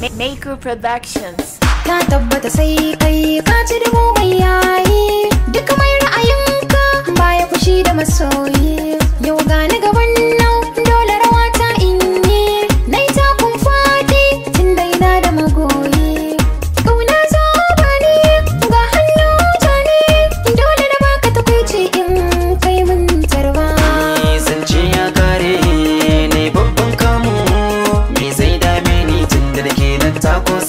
Maker Productions.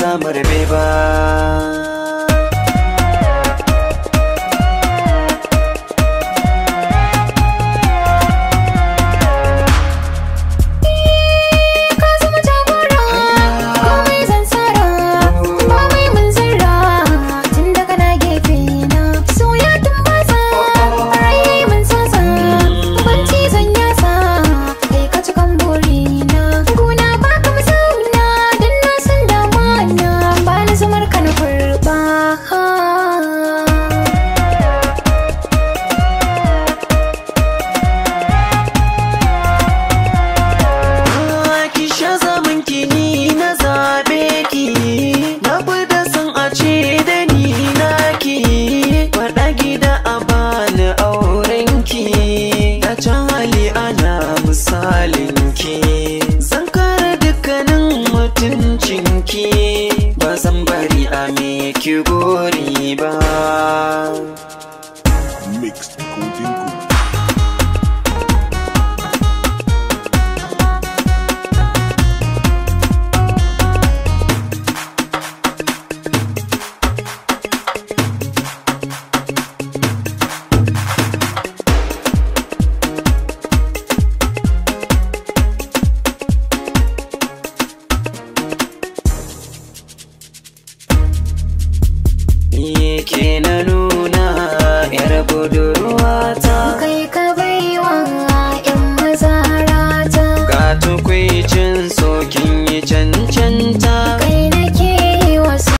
za mu rabe ba halinki zan kare dukkanin mutuncinki ba zan bari a me ki gori ba mixed ke na nuna yar gudu